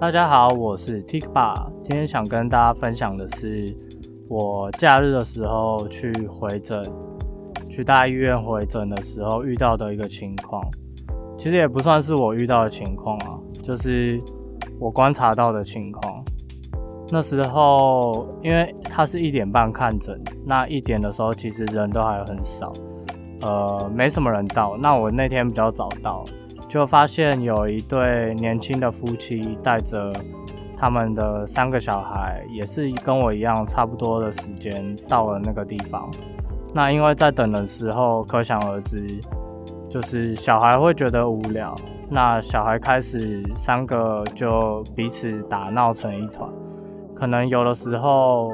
大家好，我是 Tikba，今天想跟大家分享的是我假日的時候去回診，去大醫院回診的時候遇到的一個情況。其實也不算是我遇到的情況啊，就是我觀察到的情況。那時候，因為他是一點半看診，那一點的時候其實人都還很少，呃，沒什麼人到。那我那天比較早到。就發現有一對年輕的夫妻帶着他們的三個小孩，也是跟我一樣差不多的時間到了那個地方。那因為在等的時候，可想而知，就是小孩會覺得無聊。那小孩開始三個就彼此打鬧成一團，可能有的時候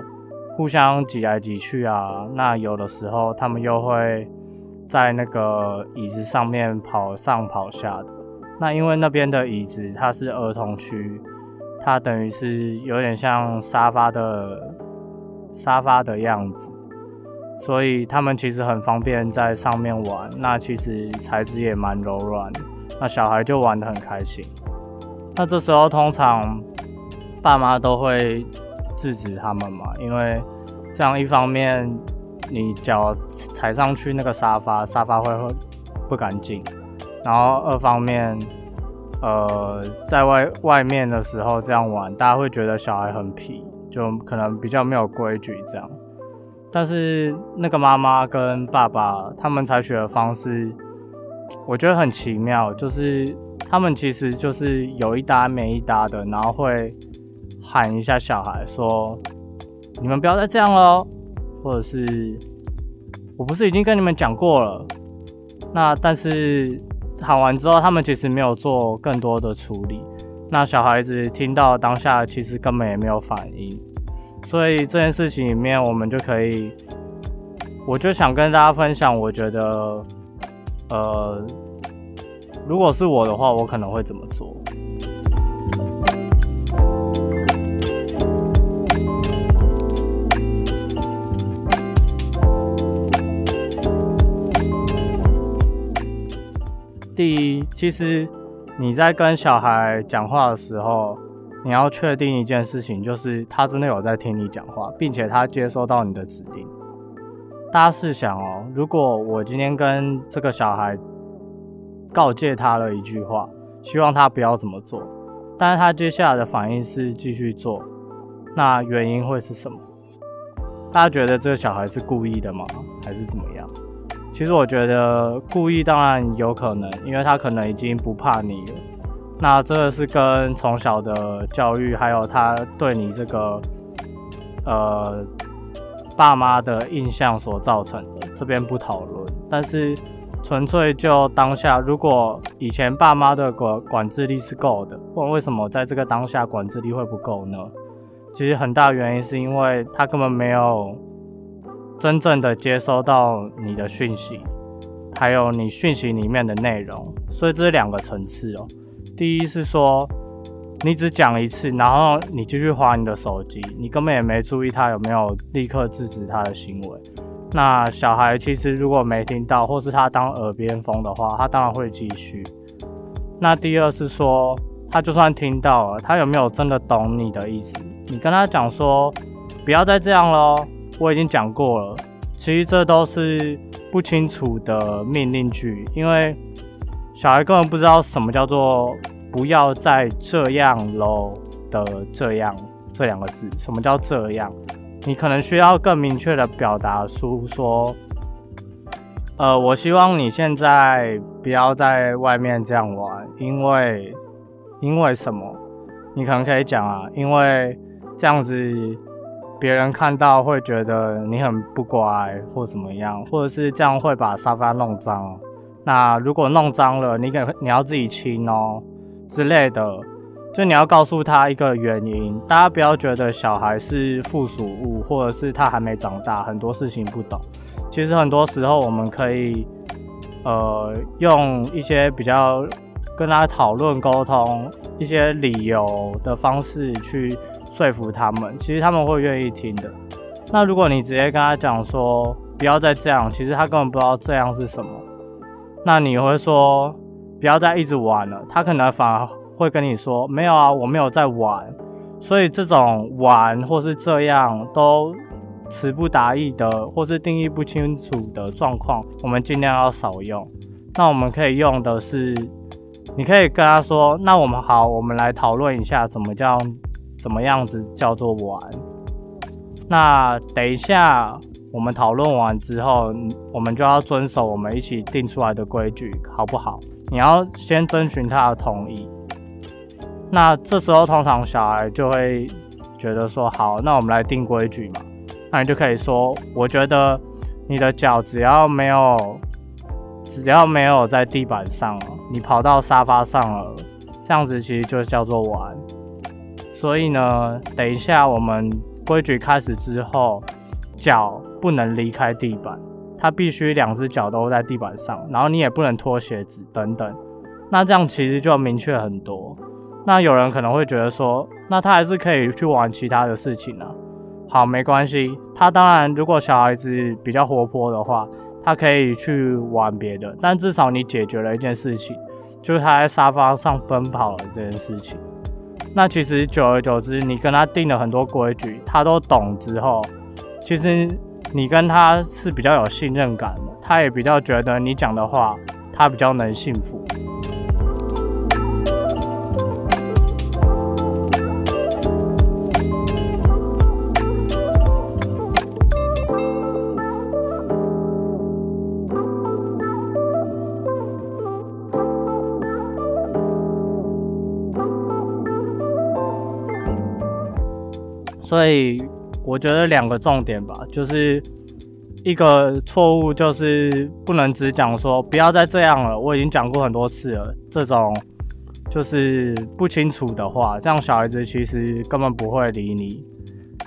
互相擠來擠去啊。那有的時候他們又會。在那個椅子上面跑上跑下的，那因為那邊的椅子它是兒童區，它等於是有點像沙發的沙發的樣子，所以他們其實很方便在上面玩。那其實材質也蠻柔軟，那小孩就玩得很開心。那這時候通常爸媽都會制止他們嘛，因為這樣一方面。你腳踩上去那個沙發，沙發會很不乾淨。然後二方面，呃，在外外面的時候這樣玩，大家會覺得小孩很皮，就可能比較沒有規矩這樣。但是那個媽媽跟爸爸他們採取的方式，我覺得很奇妙，就是他們其實就是有一搭沒一搭的，然後會喊一下小孩說：“你們不要再這樣了。”或者是，我不是已經跟你們講過了？那但是喊完之後，他們其實沒有做更多的處理。那小孩子聽到當下，其實根本也沒有反應。所以這件事情裡面，我們就可以，我就想跟大家分享，我覺得，呃，如果是我的話，我可能會怎麼做。第一，其實你在跟小孩講話的時候，你要確定一件事情，就是他真的有在聽你講話，並且他接收到你的指令。大家試想哦，如果我今天跟這個小孩告誡他了一句話，希望他不要怎麼做，但是他接下來的反應是繼續做，那原因會是什麼？大家覺得這個小孩是故意的嗎？還是怎麼樣？其實我覺得故意當然有可能，因為他可能已經不怕你了。那這個是跟從小的教育，還有他對你這個呃爸媽的印象所造成的。這邊不討論，但是純粹就當下，如果以前爸媽的管管制力是夠的，問為什麼在這個當下管制力會不夠呢？其實很大原因是因為他根本沒有。真正的接收到你的訊息，還有你訊息裡面的內容，所以這是兩個層次哦。第一是說，你只講一次，然後你繼續滑你的手機，你根本也沒注意他有沒有立刻制止他的行為。那小孩其實如果沒聽到，或是他當耳邊風的話，他當然會繼續。那第二是說，他就算聽到了，他有沒有真的懂你的意思？你跟他講說，不要再這樣嘍。我已經講過了，其實這都是不清楚的命令句，因為小孩根本不知道什麼叫做“不要再這樣嘍”的這樣這兩個字。什麼叫這樣？你可能需要更明確的表達出，說：“呃，我希望你現在不要在外面這樣玩，因為因為什麼？你可能可以講啊，因為這樣子。”別人看到會覺得你很不乖，或者怎麼樣，或者是這樣會把沙發弄髒。那如果弄髒了，你給你要自己清哦、喔、之類的，就你要告訴他一個原因。大家不要覺得小孩是附屬物，或者是他還沒長大，很多事情不懂。其實很多時候我們可以，呃，用一些比較跟他討論、溝通一些理由的方式去說服他們，其實他們會願意聽的。那如果你直接跟他講說不要再這樣，其實他根本不知道這樣是什麼。那你會說不要再一直玩了，他可能反而會跟你說沒有啊，我沒有在玩。所以這種玩或是這樣都詞不達意的，或是定義不清楚的狀況，我們盡量要少用。那我們可以用的是，你可以跟他說，那我們好，我們來討論一下怎麼叫。怎麼樣子叫做玩？那等一下我們討論完之後，我們就要遵守我們一起定出來的規矩，好不好？你要先徵詢他的同意。那這時候通常小孩就會覺得說：“好，那我們來定規矩嘛。”那你就可以說：“我覺得你的腳只要沒有，只要沒有在地板上，你跑到沙發上了，這樣子其實就叫做玩。”所以呢，等一下我們規矩開始之後，腳不能離開地板，他必須兩隻腳都在地板上，然後你也不能脫鞋子等等。那這樣其實就明確很多。那有人可能會覺得說，那他還是可以去玩其他的事情呢、啊。好，沒關係。他當然，如果小孩子比較活潑的話，他可以去玩別的。但至少你解決了一件事情，就是他在沙發上奔跑了這件事情。那其實久而久之，你跟他定了很多規矩，他都懂之後，其實你跟他是比較有信任感的，他也比較覺得你講的話，他比較能信服。所以我覺得兩個重點吧，就是一個錯誤就是不能只講說不要再這樣了，我已經講過很多次了。這種就是不清楚的話，這樣小孩子其實根本不會理你。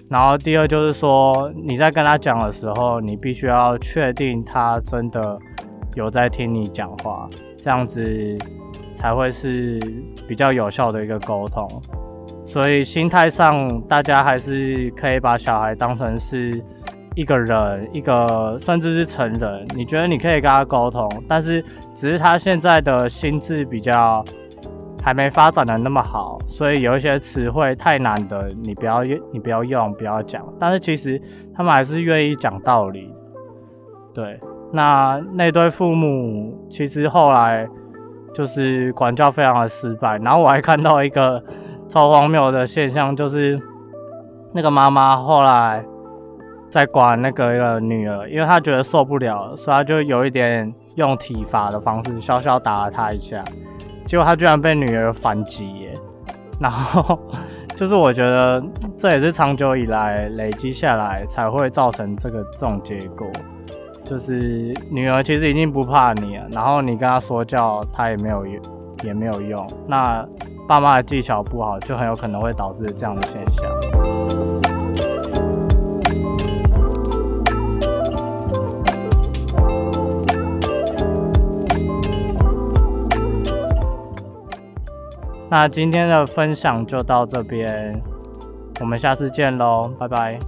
然後第二就是說你在跟他講的時候，你必須要確定他真的有在聽你講話，這樣子才會是比較有效的一個溝通。所以心態上，大家還是可以把小孩當成是一個人，一個甚至是成人。你覺得你可以跟他溝通，但是只是他現在的心智比較還沒發展得那麼好，所以有一些詞彙太難的，你不要你不要用，不要講。但是其實他們還是願意講道理。對，那那對父母其實後來就是管教非常的失敗。然後我還看到一個。超荒謬的現象就是，那個媽媽後來在管那個一個女兒，因為她覺得受不了，所以她就有一點用體罰的方式，小小打了她一下，結果她居然被女兒反擊耶。然後就是我覺得這也是長久以來累積下來才會造成這個這種結果，就是女兒其實已經不怕你了，然後你跟她說教她也沒有用。也沒有用。那爸媽的技巧不好，就很有可能會導致這樣的現象。那今天的分享就到這邊，我們下次見嘍，拜拜。